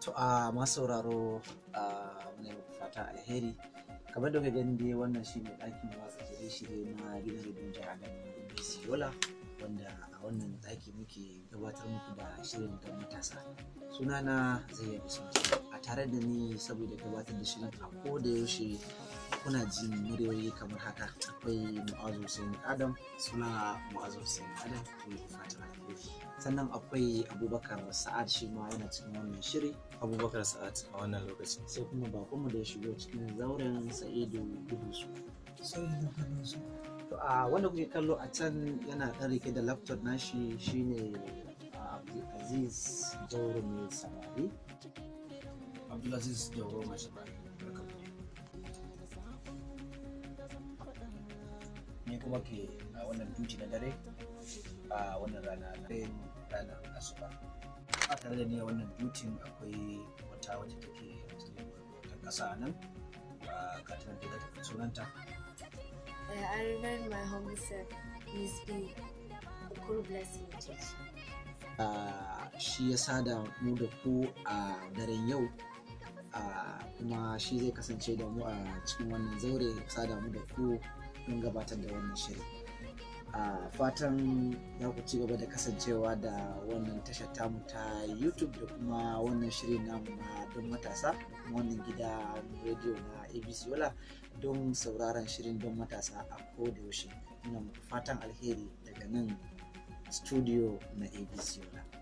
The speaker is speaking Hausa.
to a masu sauraro a wani fata alheri kamar da kuka gani dai wannan shine ɗakin watsa shirye-shirye na gidan rubin jihar Adamawa Yola wanda a wannan zaki muke gabatar muku da shirin da matasa sunana zai yi a tare da ni saboda gabatar da shirin a ko da yaushe kuna jin muryoyi kamar haka akwai mu'azu sun adam suna mu'azu sun adam fatan sannan akwai abubakar sa'ad shi ma yana cikin wannan shiri abubakar sa'ad a wannan lokacin sai kuma bakonmu da ya shigo cikin zauren sa'idu gudu su da gudu su a wanda kuke kallo a can yana ɗan rike da laptop nashi shine Abdulaziz Jauro mai samari. Abdulaziz Jauro mai samari. Ni kuma ke a wannan duci na dare a wannan rana na ranar asuba. A tare da ni a wannan dutin akwai wata wacce take ta ƙasa nan. Ka tana da sunanta. I remember my humble self, Miss B. God ah, shi ya sada mu da ku a daren yau ah, kuma shi zai kasance da mu a cikin wannan zaure sada mu da ku don gabatar da wannan shirin. a fatan za ku ci gaba da kasancewa da wannan tashar tamu ta youtube da kuma wannan shirin namu na don matasa da kuma wannan gida radio na abc wala don sauraron shirin don matasa a kodayaushe ina fatan alheri daga nan studio na abc wala